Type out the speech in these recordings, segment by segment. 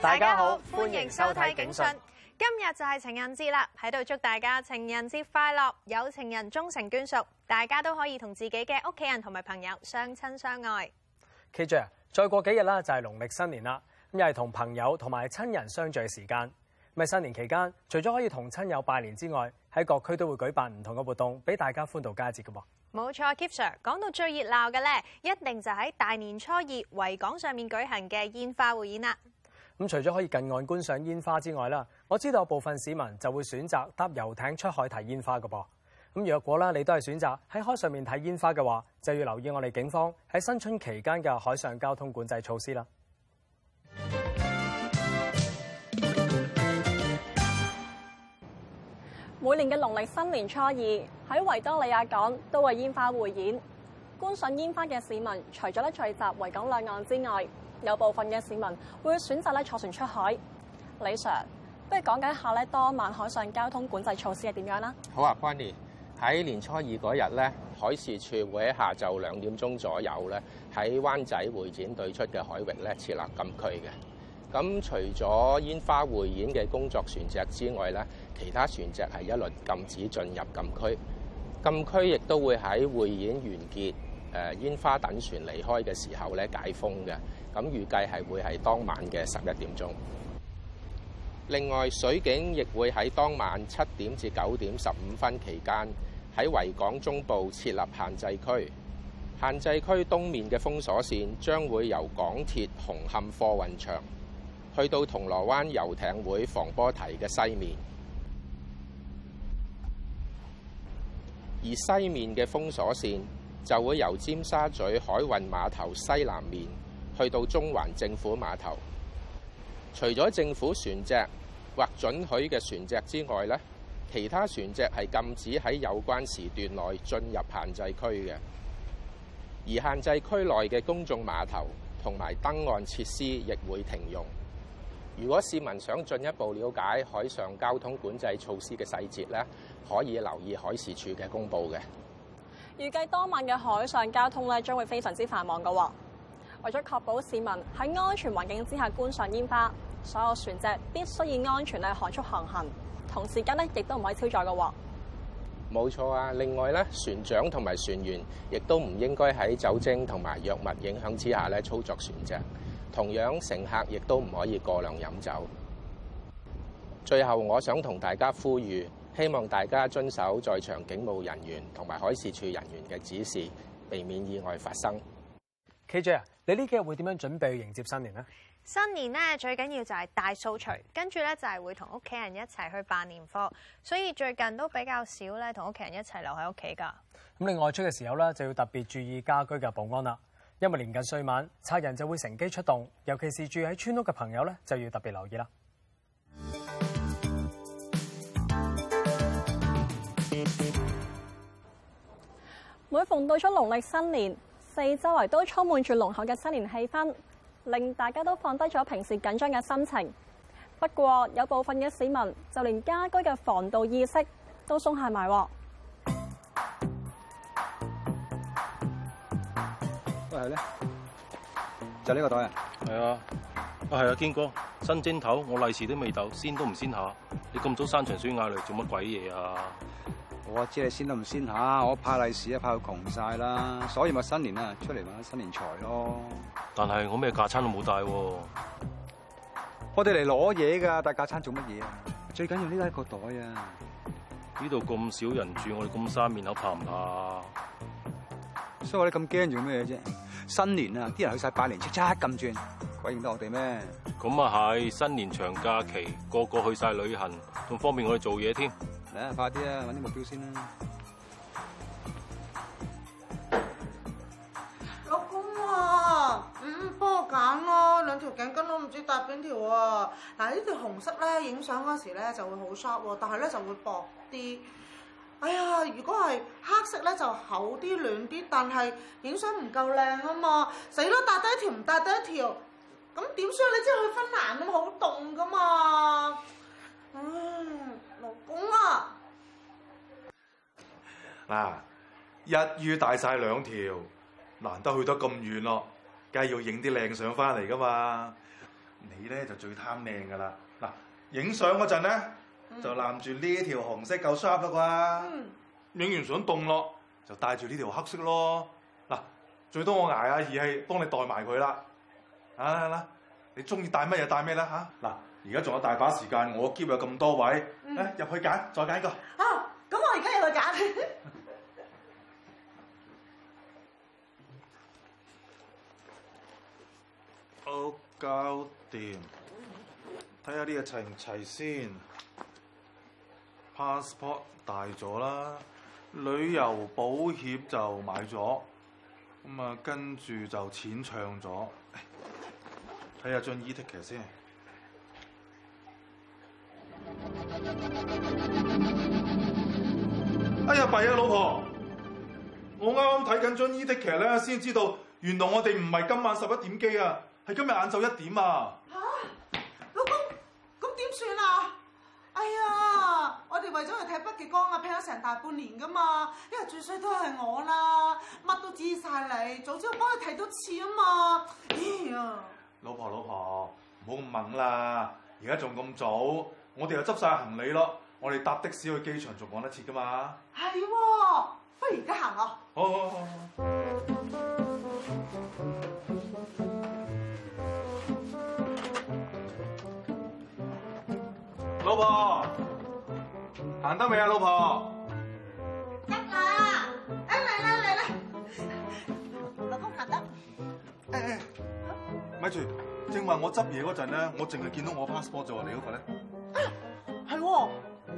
大家好，歡迎收睇《警訊》。今日就係情人節啦，喺度祝大家情人節快樂，有情人終成眷屬，大家都可以同自己嘅屋企人同埋朋友相親相愛。記住，再過幾日啦，就係農曆新年啦，咁又係同朋友同埋親人相聚嘅時間。咪新年期間，除咗可以同親友拜年之外，喺各區都會舉辦唔同嘅活動，俾大家歡度佳節㗎喎。冇錯，Kip Sir 講到最熱鬧嘅咧，一定就喺大年初二維港上面舉行嘅煙花匯演啦。咁除咗可以近岸觀賞煙花之外啦，我知道部分市民就會選擇搭遊艇出海睇煙花㗎噃。咁若果啦，你都係選擇喺海上面睇煙花嘅話，就要留意我哋警方喺新春期間嘅海上交通管制措施啦。每年嘅農曆新年初二，喺維多利亞港都會煙花匯演。觀賞煙花嘅市民，除咗咧聚集維港兩岸之外，有部分嘅市民會選擇咧坐船出海。李 Sir，不如講緊下咧當晚海上交通管制措施係點樣啦？好啊，Bonnie，喺年初二嗰日咧，海事處會喺下晝兩點鐘左右咧，喺灣仔會展對出嘅海域咧設立禁區嘅。咁除咗煙花匯演嘅工作船隻之外咧，其他船隻係一律禁止進入禁區。禁區亦都會喺匯演完結，誒，煙花等船離開嘅時候咧解封嘅。咁預計係會，係當晚嘅十一點鐘。另外，水警亦會，喺當晚七點至九點十五分期間，喺維港中部設立限制區。限制區東面嘅封鎖線將會由港鐵紅磡貨運場。去到銅鑼灣遊艇會防波堤嘅西面，而西面嘅封鎖線就會由尖沙咀海運碼頭西南面去到中環政府碼頭。除咗政府船隻或准許嘅船隻之外，呢其他船隻係禁止喺有關時段內進入限制區嘅。而限制區內嘅公眾碼頭同埋登岸設施亦會停用。如果市民想進一步了解海上交通管制措施嘅細節咧，可以留意海事處嘅公佈嘅。預計當晚嘅海上交通咧將會非常之繁忙噶喎。為咗確保市民喺安全環境之下觀賞煙花，所有船隻必須以安全嘅航速航行，同時間咧亦都唔可以超載噶喎。冇錯啊！另外咧，船長同埋船員亦都唔應該喺酒精同埋藥物影響之下咧操作船隻。同樣，乘客亦都唔可以過量飲酒。最後，我想同大家呼籲，希望大家遵守在場警務人員同埋海事處人員嘅指示，避免意外發生。KJ 啊，你呢幾日會點樣準備迎接新年呢？新年咧，最緊要就係大掃除，跟住咧就係會同屋企人一齊去辦年貨。所以最近都比較少咧同屋企人一齊留喺屋企㗎。咁你外出嘅時候咧，就要特別注意家居嘅保安啦。因為年近歲晚，賊人就會乘機出動，尤其是住喺村屋嘅朋友咧，就要特別留意啦。每逢到咗農曆新年，四周圍都充滿住濃厚嘅新年氣氛，令大家都放低咗平時緊張嘅心情。不過，有部分嘅市民就連家居嘅防盜意識都鬆懈埋。係咧，就呢、是、個袋啊！係啊，啊係啊，堅哥，新蒸頭，我利是都未到，先都唔先下。你咁早山長水遠嚟做乜鬼嘢啊？我知你先都唔先下，我怕利是啊，怕佢窮晒啦，所以咪新年啊，出嚟搵新年財咯。但係我咩架餐都冇帶喎，我哋嚟攞嘢噶，帶架餐做乜嘢啊？最緊要呢個袋啊！呢度咁少人住，我哋咁生面口怕唔怕？所以我哋咁驚做咩啫？新年啊，啲人去晒拜年，叱叱咁轉，鬼認得我哋咩？咁啊係，新年長假期，個個去晒旅行，仲方便我哋做嘢添。嚟啊，快啲啊，揾啲目標先啦。老公啊，嗯，幫我揀咯，兩條頸巾都唔知搭邊條啊。嗱，呢條紅色咧，影相嗰時咧就會好 s h o，但係咧就會薄啲。哎呀，如果係黑色咧就厚啲暖啲，但係影相唔夠靚啊嘛！死咯，帶得一條唔帶得一條，咁點算？你即係去芬蘭咁好凍噶嘛？嗯，老公啊，嗱、啊，一於帶晒兩條，難得去得咁遠咯、啊，梗係要影啲靚相翻嚟噶嘛。你咧就最貪靚噶啦，嗱、啊，影相嗰陣咧。就攬住呢條紅色夠 sharp 嘅啩，影、嗯、完想凍咯，就戴住呢條黑色咯。嗱，最多我捱下熱氣，幫你代埋佢啦。嚟、啊、啦、啊啊，你中意戴乜嘢戴咩啦嚇？嗱、啊，而家仲有大把時間，我篋有咁多位，誒、嗯、入去揀，再揀一個。啊、哦，咁我而家入去揀。好，搞掂，睇下呢個齊唔齊先。Passport 大咗啦，旅遊保險就買咗，咁啊跟住就錢唱咗。睇下張 e-ticket 先。哎呀，弊啊老婆，我啱啱睇緊張 e-ticket 咧，先知道原來我哋唔係今晚十一點機啊，係今日晏晝一點啊。吓，老公，咁點算啊？哎呀！我哋為咗去睇《北極光》啊，拼咗成大半年噶嘛。因為最衰都係我啦，乜都指晒你，早知我幫你睇多次啊嘛，哎呀。老婆老婆，唔好咁猛啦，而家仲咁早，我哋又執晒行李咯，我哋搭的士去機場仲趕得切噶嘛。係、啊，不如而家行啊！好好好好，好。老婆。行得未啊，老婆？得啦！哎，嚟啦嚟啦！老公，行得。哎哎，咪住！正話我執嘢嗰陣咧，我淨係見到我 passport 咗喎，你嗰個咧？啊，係，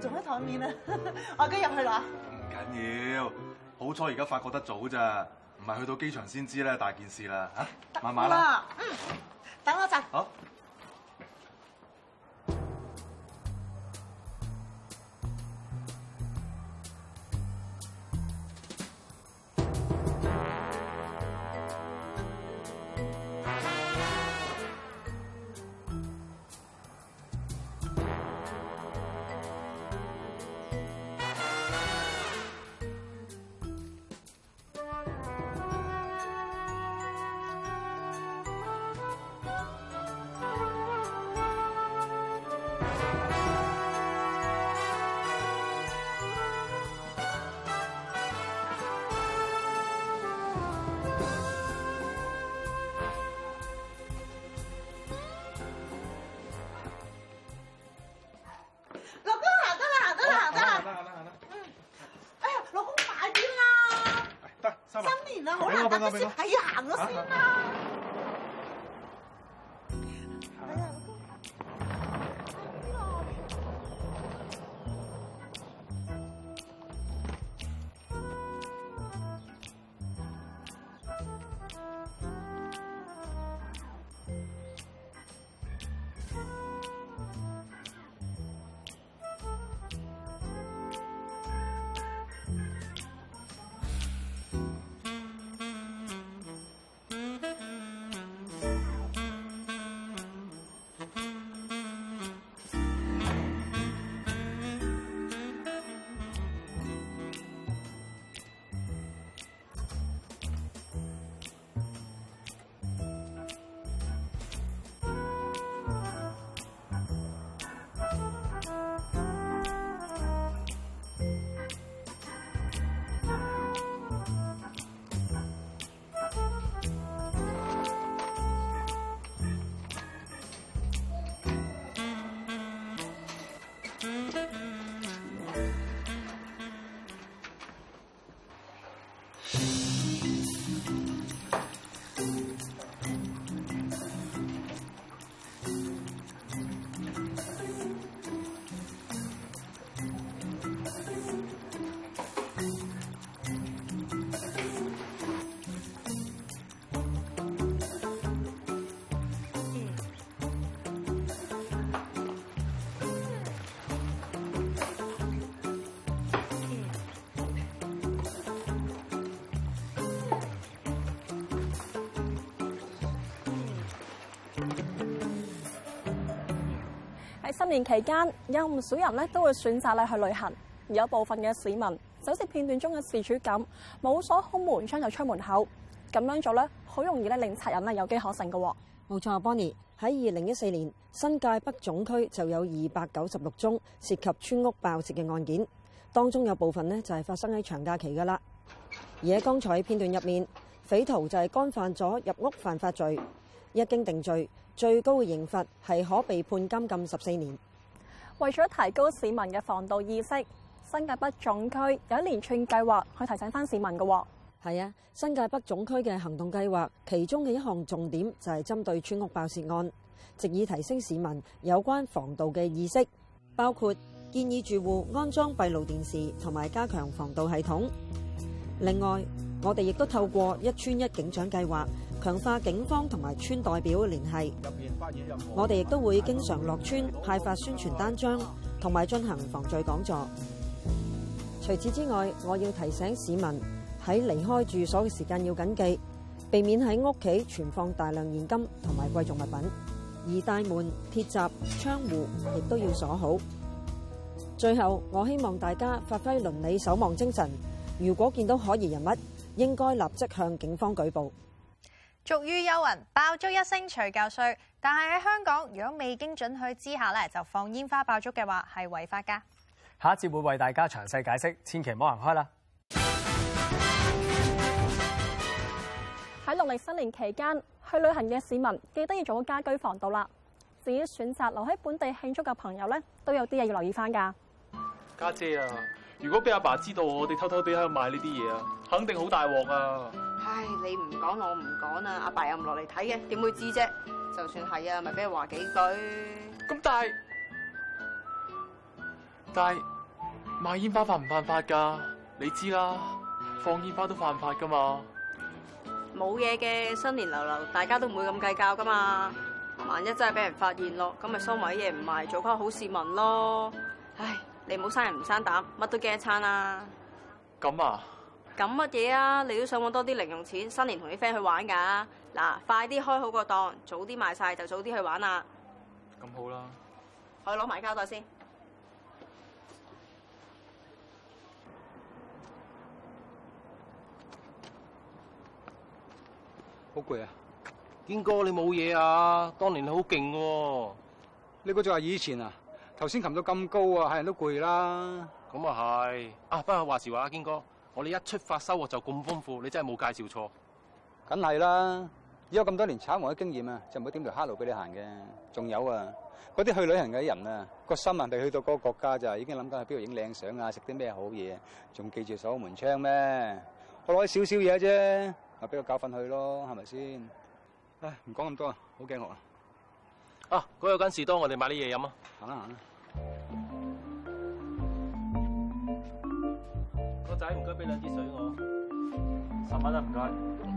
仲喺台面啊！ 我而家入去攞。唔緊要，好彩而家發覺得早咋，唔係去到機場先知咧，大件事啦嚇、啊！慢慢啦。嗯，等我執。好、啊。好難得，不先係啊，行咗先啦。喺新年期間，有唔少人咧都會選擇咧去旅行，而有部分嘅市民就好似片段中嘅事主咁，冇鎖好門窗就出門口，咁樣做咧，好容易咧令賊人咧有機可乘嘅。冇錯，Bonnie 喺二零一四年新界北總區就有二百九十六宗涉及村屋爆竊嘅案件，當中有部分呢就係發生喺長假期嘅啦。而喺剛才嘅片段入面，匪徒就係干犯咗入屋犯法罪，一經定罪，最高嘅刑罰係可被判監禁十四年。為咗提高市民嘅防盜意識，新界北總區有一連串計劃去提醒翻市民嘅。係啊，新界北總區嘅行動計劃，其中嘅一項重點就係針對村屋爆竊案，旨在提升市民有關防盜嘅意識，包括建議住戶安裝閉路電視同埋加強防盜系統。另外，我哋亦都透過一村一警長計劃。強化警方同埋村代表嘅聯繫，我哋亦都會經常落村派發宣傳單張，同埋進行防罪講座。除此之外，我要提醒市民喺離開住所嘅時間要謹記，避免喺屋企存放大量現金同埋貴重物品，而大門、鐵閘、窗戶亦都要鎖好。最後，我希望大家發揮鄰里守望精神，如果見到可疑人物，應該立即向警方舉報。俗語有云：爆竹一聲除舊歲，但係喺香港，如果未經准許之下咧就放煙花爆竹嘅話，係違法噶。下一節會為大家詳細解釋，千祈唔好行開啦！喺農曆新年期間，去旅行嘅市民記得要做好家居防盜啦。至於選擇留喺本地慶祝嘅朋友咧，都有啲嘢要留意翻噶。家姐啊，如果俾阿爸，爸知道我哋偷偷哋喺度買呢啲嘢啊，肯定好大鑊啊！唉，你唔講我唔講啊，阿爸又唔落嚟睇嘅，點會知啫？就算係啊，咪俾人話幾句。咁但係，但係賣煙花犯唔犯法噶？你知啦，放煙花都犯法噶嘛。冇嘢嘅，新年流流，大家都唔會咁計較噶嘛。萬一真係俾人發現咯，咁咪收埋啲嘢唔賣，做翻好市民咯。唉，你唔好生人唔生膽，乜都驚一餐啦。咁啊。咁乜嘢啊？你都想揾多啲零用錢，新年同啲 friend 去玩噶、啊。嗱、啊，快啲開好個檔，早啲賣晒就早啲去玩啦。咁好啦，我去攞埋膠袋先。好攰啊，堅哥你冇嘢啊？當年你好勁喎，你估就話以前啊，頭先擒到咁高啊，係人都攰啦。咁啊係，啊不過話時話啊，堅哥。我哋一出發收穫就咁豐富，你真係冇介紹錯。梗係啦！以我咁多年炒房嘅經驗啊，就唔會點條黑路俾你行嘅。仲有啊，嗰啲去旅行嘅人啊，個心人哋去到嗰個國家就已，已經諗緊去邊度影靚相啊，食啲咩好嘢，仲記住鎖門窗咩？我攞啲少少嘢啫，啊俾個教訓佢咯，係咪先？唉，唔講咁多啊，好驚學啊！啊，嗰、那個間士多我哋買啲嘢飲啊，行啦行啦。仔唔該，俾兩支水我，十蚊啦，唔該、哎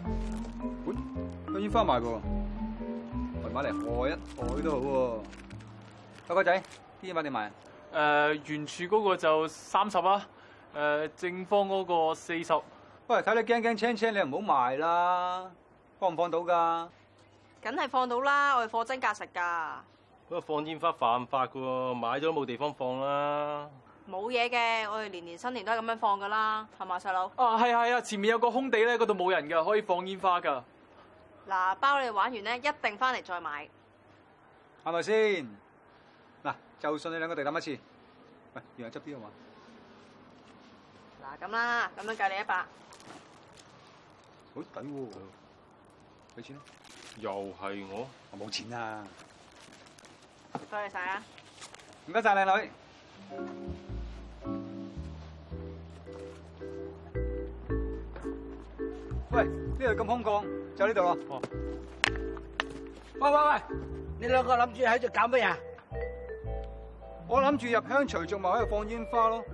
呃呃。喂，啲煙花賣噃，嚟買嚟愛一愛都好喎。乖乖仔，啲煙花點賣？誒，圓柱嗰個就三十啦，誒，正方嗰個四十。喂，睇你驚驚青青，你唔好賣啦，放唔放到噶？梗係放到啦，我哋貨真價實噶。不過放煙花犯法噶買咗都冇地方放啦。冇嘢嘅，我哋年年新年都係咁樣放噶啦，係嘛細佬？啊，係啊係啊，前面有個空地咧，嗰度冇人噶可以放煙花噶。嗱，包你玩完咧，一定翻嚟再買，係咪先？嗱，就信你兩個地膽一次。喂，原來執啲啊嘛？嗱，咁啦，咁樣計你一百，好抵喎，俾錢？又係我，我冇錢啊。多謝晒啊！唔該晒，靚女喂這裡這這裡、哦喂。喂，呢度咁空曠，就呢度咯。喂喂喂，你兩個諗住喺度搞乜嘢？我諗住入鄉隨俗，咪喺度放煙花咯。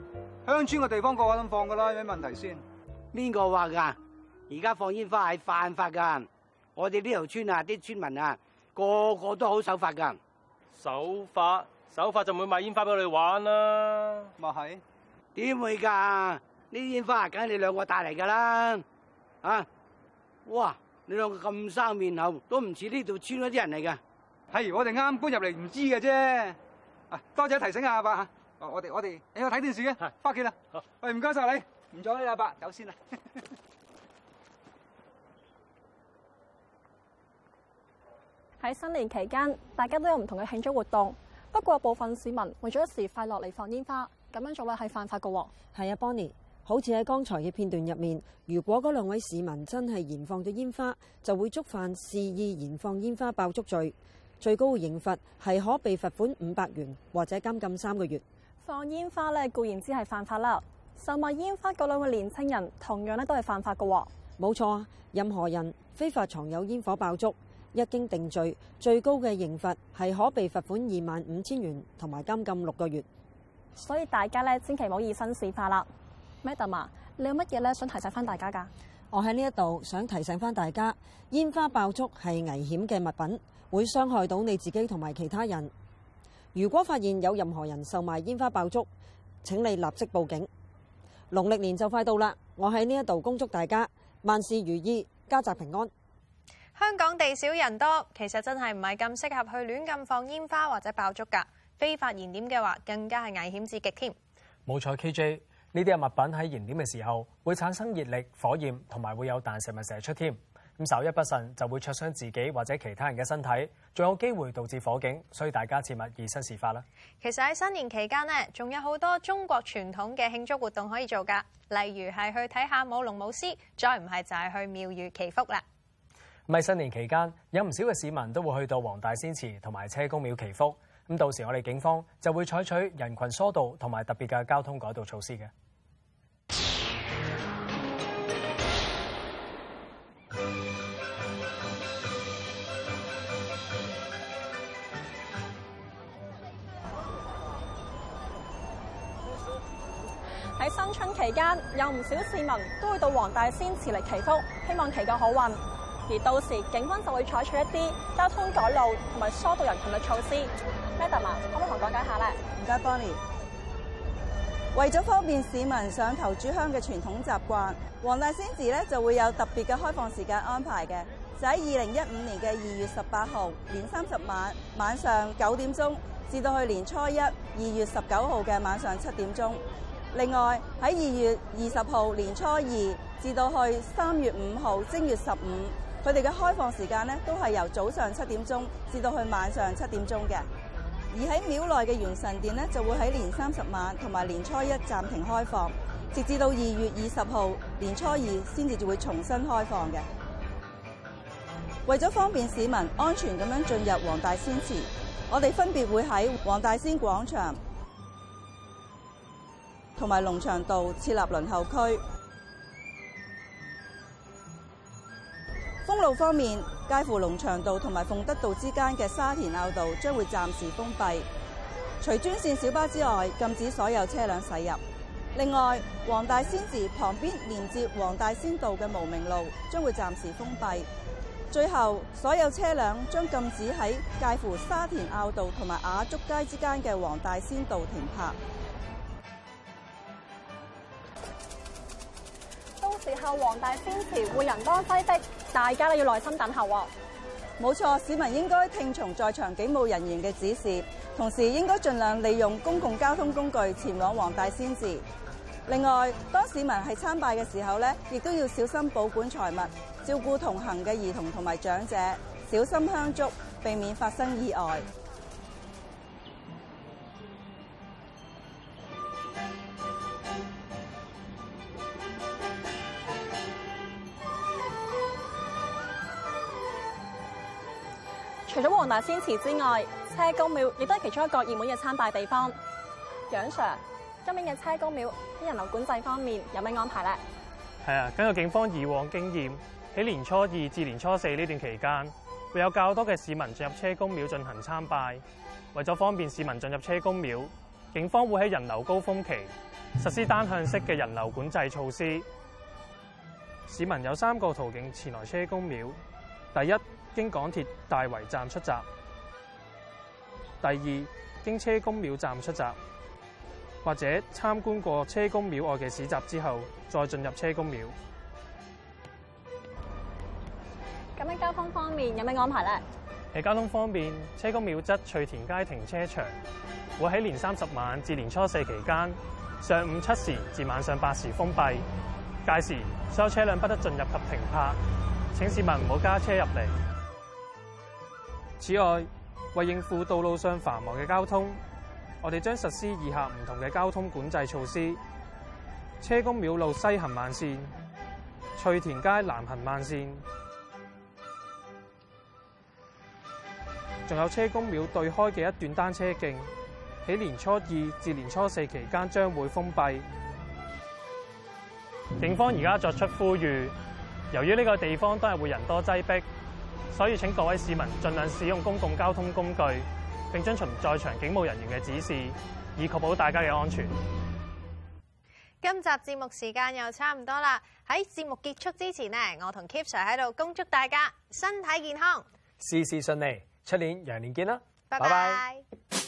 鄉村嘅地方個個都放噶啦，有咩問題先？邊個話噶？而家放煙花係犯法噶。我哋呢條村啊，啲村民啊，個個都好守法噶。手法手法就唔會賣煙花俾我哋玩啦，咪係？點會噶？呢啲煙花梗係你兩個帶嚟噶啦，啊！哇！你兩個咁生面口，都唔似呢度村嗰啲人嚟嘅，係我哋啱搬入嚟唔知嘅啫。啊！多謝提醒啊，阿伯吓。哦，我哋我哋喺度睇電視嘅，翻屋企啦。好，喂，唔該晒你，唔阻你啦，阿伯走先啦。喺新年期間，大家都有唔同嘅慶祝活動。不過，部分市民為咗一時快樂嚟放煙花，咁樣做咧係犯法嘅喎。係啊，Bonnie，好似喺剛才嘅片段入面，如果嗰兩位市民真係燃放咗煙花，就會觸犯肆意燃放煙花爆竹罪，最高嘅刑罰係可被罰款五百元或者監禁三個月。放煙花咧固然之係犯法啦，售賣煙花嗰兩個年青人同樣咧都係犯法嘅喎。冇錯，任何人非法藏有煙火爆竹。一經定罪，最高嘅刑罰係可被罰款二萬五千元，同埋監禁六個月。所以大家咧千祈唔好以身試法啦，Madam，你有乜嘢咧想提醒翻大家噶？我喺呢一度想提醒翻大家，煙花爆竹係危險嘅物品，會傷害到你自己同埋其他人。如果發現有任何人售賣煙花爆竹，請你立即報警。農曆年就快到啦，我喺呢一度恭祝大家萬事如意，家宅平安。香港地少人多，其實真係唔係咁適合去亂咁放煙花或者爆竹噶。非法燃點嘅話，更加係危險至極添。冇錯，KJ 呢啲物品喺燃點嘅時候會產生熱力、火焰同埋會有彈射物射出添。咁稍一不慎就會灼傷自己或者其他人嘅身體，仲有機會導致火警，所以大家切勿以身試法啦。其實喺新年期間呢，仲有好多中國傳統嘅慶祝活動可以做噶，例如係去睇下舞龍舞獅，再唔係就係去廟宇祈福啦。咪新年期間，有唔少嘅市民都會去到黃大仙祠同埋車公廟祈福。咁到時，我哋警方就會採取人群疏導同埋特別嘅交通改道措施嘅。喺新春期間，有唔少市民都會到黃大仙祠嚟祈福，希望祈個好運。而到時，警方就會採取一啲交通改路同埋疏導人群嘅措施。Madam，可唔可以同我講解一下咧？唔該，Bonnie。為咗方便市民上頭柱香嘅傳統習慣，黃大仙祠咧就會有特別嘅開放時間安排嘅。就喺二零一五年嘅二月十八號年三十晚晚上九點鐘，至到去年初一二月十九號嘅晚上七點鐘。另外喺二月二十號年初二至到去三月五號正月十五。佢哋嘅開放時間咧，都係由早上七點鐘至到去晚上七點鐘嘅。而喺廟內嘅元神殿咧，就會喺年三十晚同埋年初一暫停開放，直至到二月二十號年初二先至就會重新開放嘅。為咗方便市民安全咁樣進入黃大仙祠，我哋分別會喺黃大仙廣場同埋龍翔道設立輪候區。封路方面，介乎龍翔道同埋鳳德道之間嘅沙田坳道將會暫時封閉，除專線小巴之外，禁止所有車輛駛入。另外，黃大仙祠旁邊連接黃大仙道嘅無名路將會暫時封閉。最後，所有車輛將禁止喺介乎沙田坳道同埋雅竹街之間嘅黃大仙道停泊。時候，黃大仙祠會人幫休的，大家都要耐心等候。冇錯，市民應該聽從在場警務人員嘅指示，同時應該盡量利用公共交通工具前往黃大仙祠。另外，當市民係參拜嘅時候咧，亦都要小心保管財物，照顧同行嘅兒童同埋長者，小心香燭，避免發生意外。同埋仙祠之外，車公廟亦都係其中一個熱門嘅參拜地方。楊 Sir，今年嘅車公廟喺人流管制方面有咩安排咧？係啊，根據警方以往經驗，喺年初二至年初四呢段期間，會有較多嘅市民進入車公廟進行參拜。為咗方便市民進入車公廟，警方會喺人流高峰期實施單向式嘅人流管制措施。市民有三個途徑前來車公廟，第一。經港鐵大圍站出閘，第二經車公廟站出閘，或者參觀過車公廟外嘅市集之後，再進入車公廟。咁喺交通方面有咩安排咧？喺交通方面，車公廟側翠田街停車場會喺年三十晚至年初四期間上午七時至晚上八時封閉，屆時所有車輛不得進入及停泊，請市民唔好駕車入嚟。此外，為應付道路上繁忙嘅交通，我哋將實施以下唔同嘅交通管制措施：車公廟路西行慢線、翠田街南行慢線，仲有車公廟對開嘅一段單車徑喺年初二至年初四期間將會封閉。警方而家作出呼籲，由於呢個地方都係會人多擠逼。所以，請各位市民盡量使用公共交通工具，並遵循在場警務人員嘅指示，以確保大家嘅安全。今集節目時間又差唔多啦，喺節目結束之前呢，我同 Kip Sir 喺度恭祝大家身體健康，事事順利，出年羊年，年見啦！拜拜。